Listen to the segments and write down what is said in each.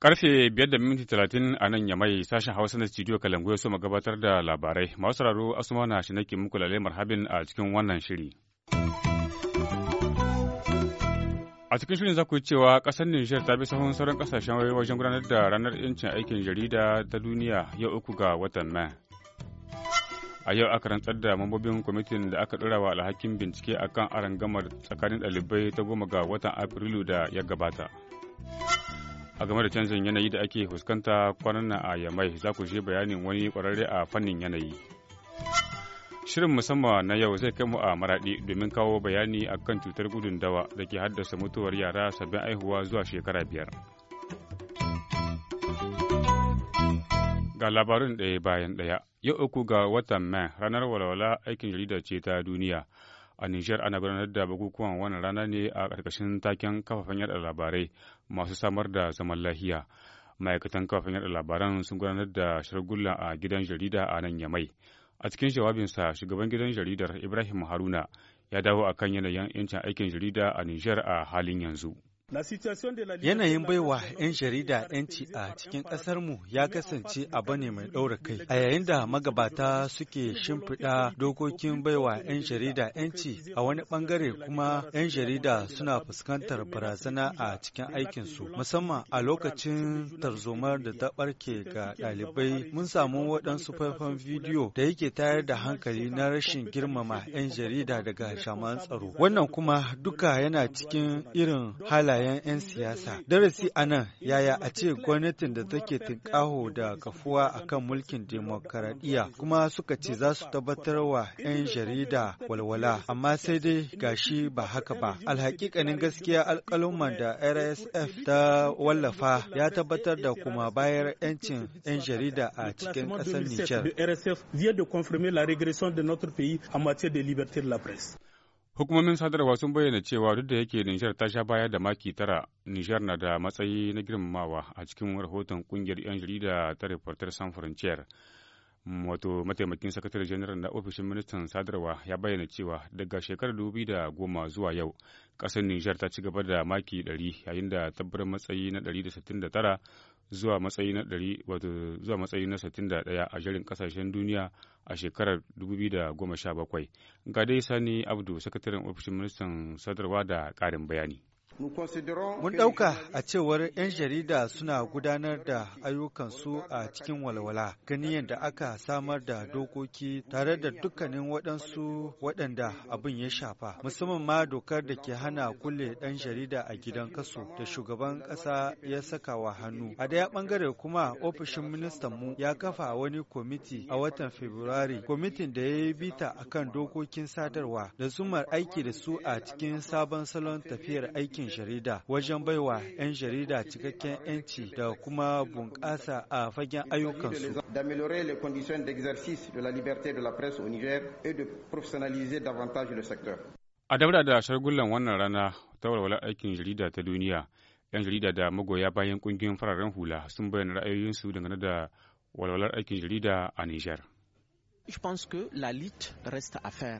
Karfe biyar da minti talatin a nan ya yamai sashen Hausa na studio Kalangu ya so gabatar da labarai. Masu sauraro Asuma na shi nake muku lalemar marhabin a cikin wannan shiri. A cikin shirin za ku yi cewa ƙasar Nijar ta bi sahun sauran ƙasashen wajen gudanar da ranar 'yancin aikin jarida ta duniya yau uku ga watan Mai. a yau aka rantsar da mambobin kwamitin da aka ɗora wa alhakin bincike a kan arangamar tsakanin ɗalibai ta goma ga watan afrilu da ya gabata a game da canjin yanayi da ake fuskanta kwanan a yamai za ku je bayanin wani kwararre a fannin yanayi Shirin musamman na yau zai kai mu a maraɗi domin kawo bayani a kan cutar gudun dawa da ke haddasa mutuwar yara sabbin aihuwa zuwa shekara biyar. Ga labarin ɗaya bayan ɗaya, yau uku ga watan Mai ranar walwala aikin jarida ce ta duniya. a Nijar ana gudanar da bukukuwan wannan rana ne a ƙarƙashin taken kafafen yada labarai masu samar da zaman lafiya. Ma'aikatan kafafen yada labaran sun gudanar da shirgulla a gidan jarida a nan Yamai. A cikin jawabinsa, shugaban gidan jaridar Ibrahim Haruna ya dawo akan yanayin 'yancin aikin jarida a Nijar a halin yanzu. Yanayin baiwa 'yan jarida 'yanci a cikin ƙasarmu ya kasance abu ne mai ɗaura kai. A yayin da magabata suke shimfiɗa dokokin baiwa 'yan jarida 'yanci a wani ɓangare kuma 'yan jarida suna fuskantar barazana a cikin aikinsu. Musamman a lokacin tarzomar da ta ɓarke ga ɗalibai mun samu waɗansu faifan bidiyo da yake tayar da hankali na rashin girmama 'yan jarida daga shaman tsaro. Wannan kuma duka yana cikin irin halaye halayen 'yan siyasa. Darasi a nan yaya a ce gwamnatin da take tunƙaho da kafuwa a kan mulkin demokaradiyya kuma suka ce za su tabbatar wa 'yan jarida walwala amma sai dai gashi ba haka ba. Alhaƙiƙanin gaskiya alƙaluman da RSF ta wallafa ya tabbatar da kuma bayar 'yancin 'yan jarida a cikin ƙasar Nijar. RSF vient de confirmer la régression de notre pays en matière de liberté de la presse. Hukumomin sadarwa sun bayyana cewa duk da yake Nijar ta sha baya da maki tara, Nijar na da matsayi na girmamawa a cikin rahoton kungiyar 'yan jarida ta Reporter San Frontier. Wato mataimakin sakatare janar na ofishin ministan sadarwa ya bayyana cewa daga shekarar dubi da goma zuwa yau ƙasar Nijar ta ci gaba da maki 100 yayin da tabbar matsayi na 169 zuwa matsayi na ɗari wato zuwa matsayi na sittin da ɗaya a jerin ƙasashen duniya a shekarar dubu da goma sha bakwai ga dai sani abdu sakataren ofishin ministan sadarwa da ƙarin bayani Mun ɗauka a cewar 'yan jarida suna gudanar da ayyukansu a cikin walwala, gani yadda aka samar da dokoki tare da dukkanin waɗansu waɗanda abin ya shafa, musamman ma dokar da ke hana kulle ɗan jarida a gidan kaso da shugaban ƙasa ya saka wa hannu. A daya ɓangare kuma ofishin ministan mu ya kafa wani kwamiti a watan Fabrairu, kwamitin da ya yi bita akan dokokin sadarwa da zumar aiki da su a cikin sabon salon tafiyar aikin aikin wajen baiwa 'yan jarida cikakken 'yanci da kuma bunƙasa a fagen ayyukansu. d'améliorer les conditions d'exercice de la liberté de la presse au Niger et de professionnaliser davantage le secteur. A daura da shargullan wannan rana ta walwalar aikin jarida ta duniya, 'yan jarida da magoya bayan kungiyoyin fararen hula sun bayyana ra'ayoyinsu dangane da walwalar aikin jarida a Nijar.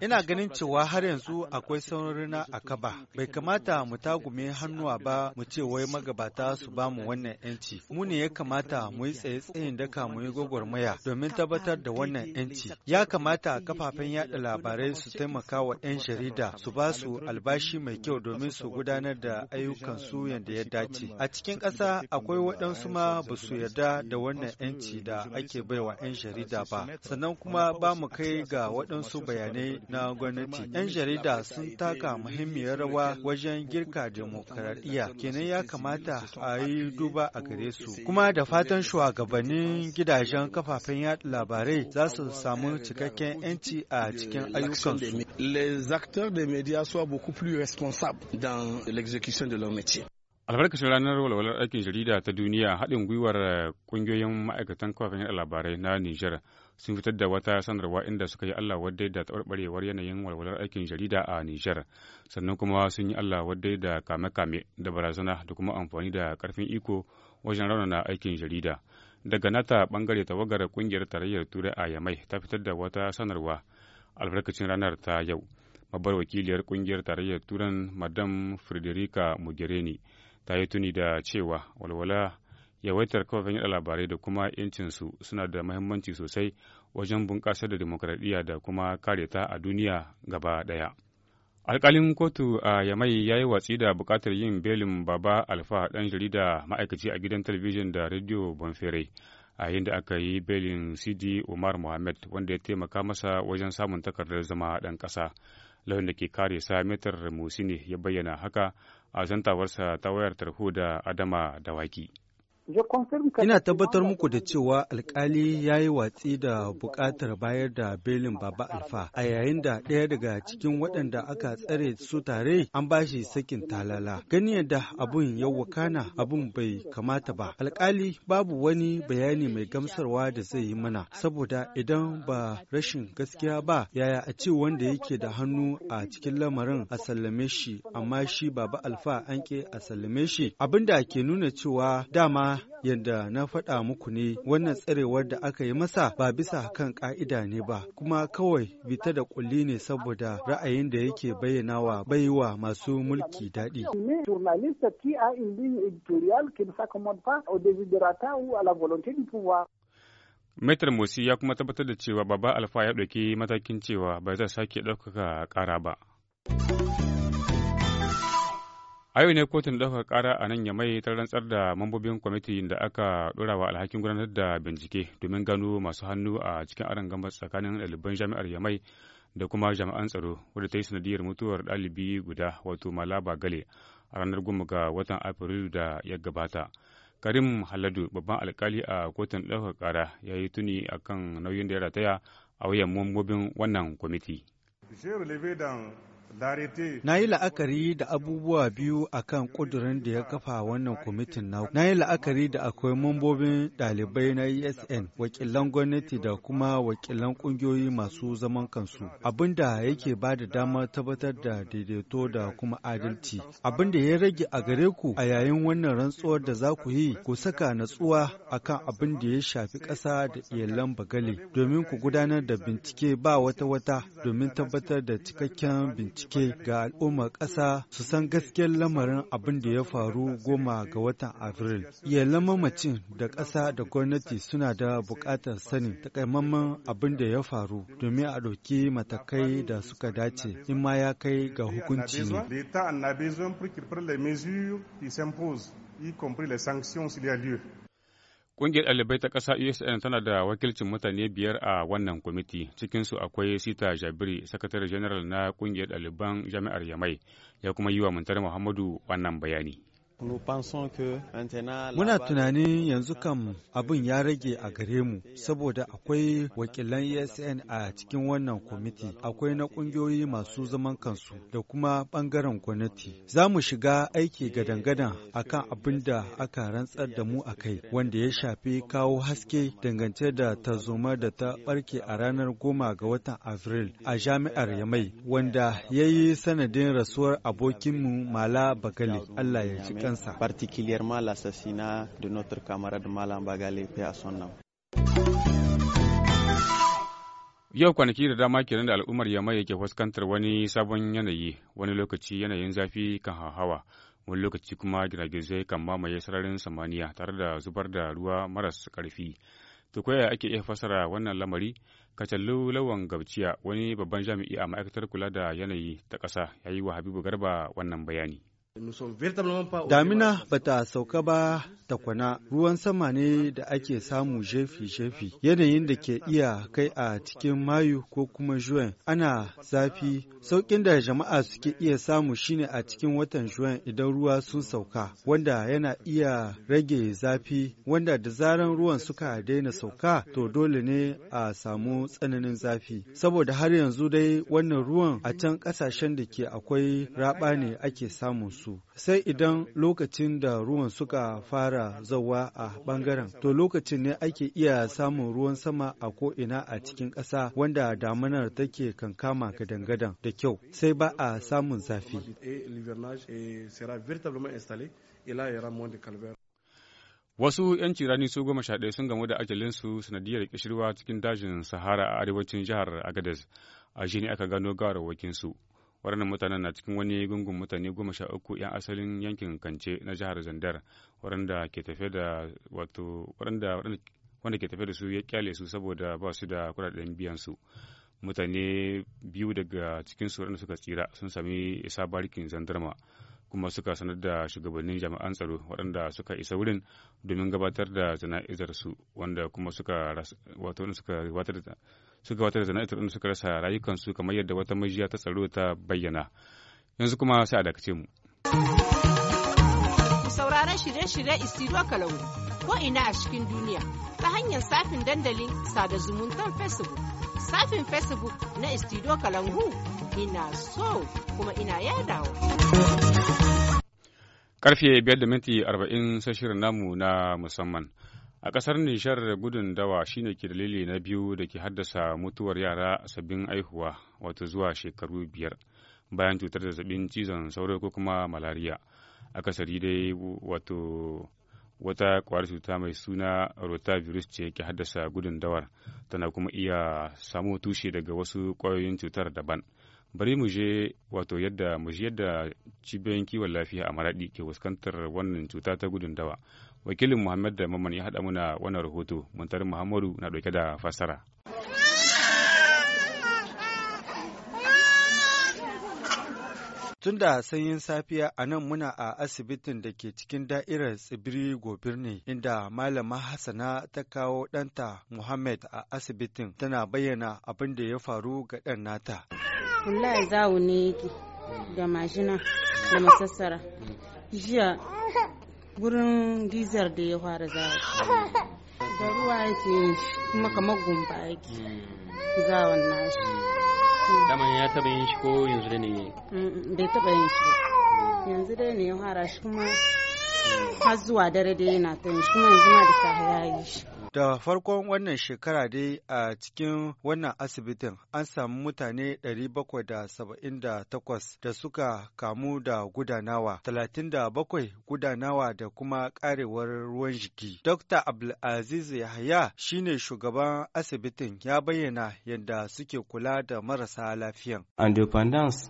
Ina ganin cewa har yanzu akwai saurina na akaba. Bai kamata mu tagume hannuwa ba mu ce wai magabata su ba mu wannan 'yanci. Mu ne ya kamata mu yi tsaye tsayin daka mu yi gwagwarmaya domin tabbatar da wannan 'yanci. Ya kamata kafafen yada labarai su taimaka wa 'yan jarida su ba su albashi mai kyau domin su gudanar da ayyukansu yadda ya dace. A cikin ƙasa akwai waɗansu ma ba su yarda da wannan 'yanci da ake baiwa 'yan jarida ba. Sannan kuma ba mu kai ga waɗansu bayanai na gwamnati. 'Yan jarida sun taka muhimmiyar rawa wajen girka demokaradiyya kenan ya kamata a yi duba a gare su. Kuma da fatan shugabannin gidajen kafafen yaɗa labarai za su samu cikakken 'yanci a cikin ayyukansu. Les acteurs des médias soient beaucoup plus responsables dans l'exécution de leur métier. albarkacin ranar walwalar aikin jarida ta duniya haɗin gwiwar eh, ƙungiyoyin ma'aikatan kafafen yada labarai na nijar sun fitar da wata sanarwa inda suka yi allah wadai da taɓarɓarewar yanayin walwalar aikin jarida a nijar sannan kuma sun yi allah wadai da kame-kame da barazana da kuma amfani da ƙarfin iko wajen raunana aikin jarida daga nata ɓangare tawagar ƙungiyar tarayyar turai a yamai ta fitar da wata sanarwa albarkacin ranar ta yau babbar wakiliyar ƙungiyar tarayyar turan madam frederica mogherini ta yi tuni da cewa walwala yawaitar kafafen yada labarai da kuma 'yancinsu suna da mahimmanci sosai wajen bunƙasar da demokradiyya da kuma kare ta a duniya gaba ɗaya. alkalin kotu a yamai ya yi watsi da buƙatar yin belin baba alfa ɗan jarida ma'aikaci a gidan talabijin da rediyo bonfere a yayin da aka yi belin cd umar mohamed wanda ya taimaka masa wajen samun takardar zama ɗan ƙasa lauyin da ke kare sa metar musini ya bayyana haka a zantawarsa ta wayar tarho da Adama Dawaki. Ina tabbatar muku da cewa alkali ya yi watsi da buƙatar bayar da belin Baba Alfa a yayin da ɗaya daga cikin waɗanda aka tsare su tare an ba shi sakin talala. Gani yadda abun ya wakana abun bai kamata ba. Alkali babu wani bayani mai gamsarwa da zai yi mana saboda idan ba rashin gaskiya ba yaya a ce wanda yake da hannu a cikin lamarin a sallame shi amma shi Baba Alfa an ke a sallame shi abinda ke nuna cewa dama yadda na faɗa muku ne wannan tsarewar da aka yi masa ba bisa kan ƙa'ida ne ba kuma kawai bita da kulli ne saboda ra'ayin da yake bayyanawa baiwa masu mulki daɗi. Maitar Musi ya kuma tabbatar da cewa Baba Alfa ya ɗauki matakin cewa ba zai sake ɗaukaka ƙara ba. a yau ne kotun ɗaukar kara a nan mai ta rantsar da mambobin kwamitin da aka ɗora wa alhakin gudanar da bincike domin gano masu hannu a cikin aron gamba tsakanin ɗaliban jami'ar yamai da kuma jami'an tsaro wadda ta yi sanadiyar mutuwar ɗalibi guda wato malaba gale a ranar goma ga watan afrilu da ya gabata karim haladu babban alkali a kotun ɗaukar kara ya yi tuni akan nauyin da ya rataya a wayan mambobin wannan kwamiti. Na yi la'akari da abubuwa biyu a kan ƙudurin da ya kafa wannan kwamitin na. Na yi la'akari da akwai mambobin ɗalibai na ESN, wakilan gwamnati da kuma wakilan ƙungiyoyi masu zaman kansu. Abin da yake ba da dama tabbatar da daidaito da kuma adalci. Abin da ya rage a gare ku a yayin wannan rantsuwar da za ku yi, ku saka natsuwa kan abin da ya shafi ƙasa da iyalan bagale domin ku gudanar da bincike ba wata-wata domin tabbatar da cikakken bincike. bincike ga al'ummar ƙasa su san gaskiyar lamarin abin da ya faru goma ga watan Afril. Iyalan mamacin da ƙasa da gwamnati suna da buƙatar sanin takaimaman abin da ya faru domin a ɗauki matakai da suka dace in ma ya kai ga hukunci ne. y compris les sanctions s'il y a lieu. Ƙungiyar ɗalibai ta ƙasa USN e tana da wakilcin mutane biyar a wannan kwamiti, cikinsu akwai Sita Jabiri, sakatare general na ƙungiyar ɗaliban jami'ar Yamai, ya kuma yi wa Muntari Muhammadu wannan bayani. Muna tunanin yanzu kam abin ya rage a gare mu saboda akwai wakilan ESN a cikin wannan kwamiti, akwai na ƙungiyoyi masu zaman kansu da kuma ɓangaren gwamnati. Za mu shiga aiki gadan-gadan kan abin da aka rantsar da mu a kai, wanda ya shafi kawo haske dangance da tarzoma da ta ɓarke a ranar goma ga watan Afril a jami'ar Yamai, wanda ya yi sanadin rasuwar abokinmu Mala Bagali. Allah ya kansa particulièrement l'assassinat de notre camarade Malam Bagale son nom Yau kwanaki da dama kenan da al'ummar yamma yake fuskantar wani sabon yanayi, wani lokaci yanayin zafi kan hawa, wani lokaci kuma giragizai kan mamaye sararin samaniya tare da zubar da ruwa maras karfi To koya ake iya fasara wannan lamari? Kacallu Lawan Gabciya wani babban jami'i a ma'aikatar kula da yanayi ta ƙasa ya yi wa Habibu Garba wannan bayani. Damina ba ta sauka ba kwana ruwan sama ne da ake samu jefi-jefi yanayin da ke iya kai a cikin mayu ko kuma juwan ana zafi saukin da jama'a suke iya samu shine a cikin watan juwan idan ruwa sun sauka wanda yana iya rage zafi wanda da zaran ruwan suka daina sauka to dole ne a samu tsananin zafi saboda har yanzu dai wannan ruwan a can kasashen da ke akwai raba ne ake samun su su sai idan lokacin da ruwan suka fara zauwa a bangaren to lokacin ne ake iya samun ruwan sama a ko'ina a cikin ƙasa wanda damunar take kankama gadangadan da kyau sai ba a samun zafi Wasu 'yan cirani su goma sha ɗaya sun gamu da ajalinsu sanadiyar kishirwa cikin dajin Sahara a arewacin jihar Agadez. A shi ne aka gano gawar su. waɗannan mutanen na cikin wani gungun mutane goma sha uku 'yan asalin yankin kance na jihar zandar waɗanda ke tafe da wanda ke tafe da su ya kyale su saboda ba su da kuɗaɗen biyan su mutane biyu daga cikin su waɗanda suka tsira sun sami isa barikin zandarma kuma suka sanar da shugabannin jami'an tsaro waɗanda suka isa wurin domin gabatar da jana'izar su wanda kuma suka wato suka gabatar da suka wata da zana'itar inda suka rasa rayukansu kamar yadda wata majiya ta tsaro ta bayyana yanzu kuma sai a dakace mu sauraron shirye-shirye isiro kalau ko ina a cikin duniya ta hanyar safin dandalin sada zumuntar facebook safin facebook na isiro kalangu ina so kuma ina yadawa karfe biyar da minti arba'in namu na musamman A kasar Nishar gudun dawa shine ke dalili na biyu da ke haddasa mutuwar yara sabbin aihuwa wato zuwa shekaru biyar bayan cutar da zazzabin cizon sauro ko kuma malariya. Akasari dai wata kwayar cuta mai suna rotavirus ce ke haddasa gudun dawar tana kuma iya samu tushe daga wasu kwayoyin cutar daban. Bari mu je wato yadda mu yadda cibiyoyin kiwon lafiya a Maradi ke fuskantar wannan cuta ta gudun dawa. wakilin muhammad da maman ya haɗa muna wannan rahoto muntar muhammadu na ɗauke da fassara Tun da sanyin safiya a nan muna a asibitin da ke cikin da'irar tsibiri gobir ne, inda malama Hassana ta kawo ɗanta Muhammad a asibitin tana bayyana abin da ya faru ga ɗan nata. Wallahi za ne yake da mashina da masassara. Jiya gurin dizar da ya fara zawa da ruwa yake kuma kamar gumba yake zawon nashi daman ya taba yin shi ko yanzu da ne bai taba yin shi yanzu dai ne ya fara shi kuma har zuwa dare dai yana ta yin shi kuma yanzu ma da sahaya ya yi shi Da farkon wannan shekara dai a cikin wannan asibitin an samu mutane 778 da suka kamu da gudanawa, 37 gudanawa da kuma karewar ruwan jiki. Dr. Abdulaziz Yahya shine shugaban asibitin ya bayyana yadda suke kula da marasa lafiyan. Independence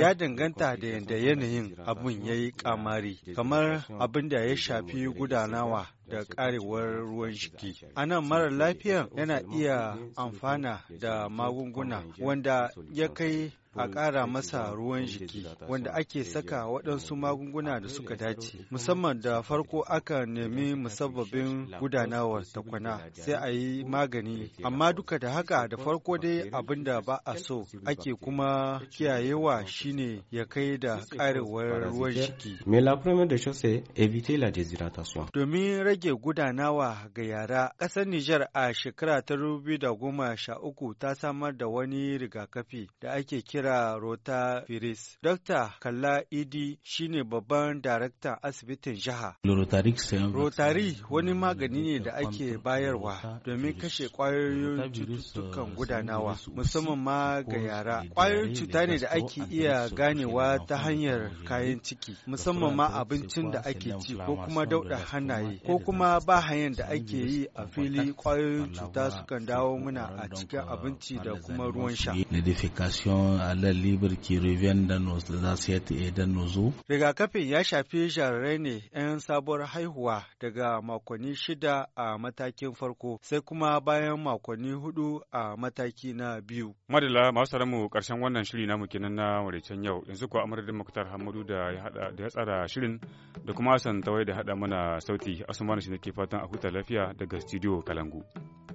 ya danganta da yadda yanayin abun ya yi kamari kamar abin da ya shafi gudanawa da karewar ruwan jiki anan nan marar lafiyan yana iya amfana da magunguna wanda ya kai a ƙara masa ruwan jiki wanda ake saka waɗansu magunguna da suka dace musamman da farko aka nemi musabbabin gudanawar takwana sai a yi magani amma duka da haka da farko dai abin da ba a so ake kuma kiyayewa shine ya kai da ƙarewar ruwan jiki domin rage gudanawa ga yara ƙasar Nijar a shekara ta goma 2013 ta samar da wani rigakafi da ake kira Dr. Rota Firis. Dr. Kalla Idi shine babban daraktan asibitin jiha. Rotari wani magani ne da ake bayarwa domin kashe ƙwayoyin cututtukan gudanawa, musamman ma ga yara. Ƙwayoyin cuta ne da ake iya ganewa ta hanyar kayan ciki, musamman ma abincin da ake ci ko kuma dauɗa hannaye ko kuma ba hanyar da ake yi a fili ƙwayoyin cuta sukan dawo muna a cikin abinci da kuma ruwan sha. wahalar libre qui reviennent dans nos assiettes et dans Rigakafin ya shafi jarirai ne 'yan sabuwar haihuwa daga makonni shida a matakin farko sai kuma bayan makonni hudu a mataki na biyu. Madala masu mu karshen wannan shiri namu kenan na wadancen yau yanzu kuwa da makutar Hamadu da ya tsara shirin da kuma san Tawai da hada mana sauti Asumani shi ne ke fatan a huta lafiya daga studio Kalangu.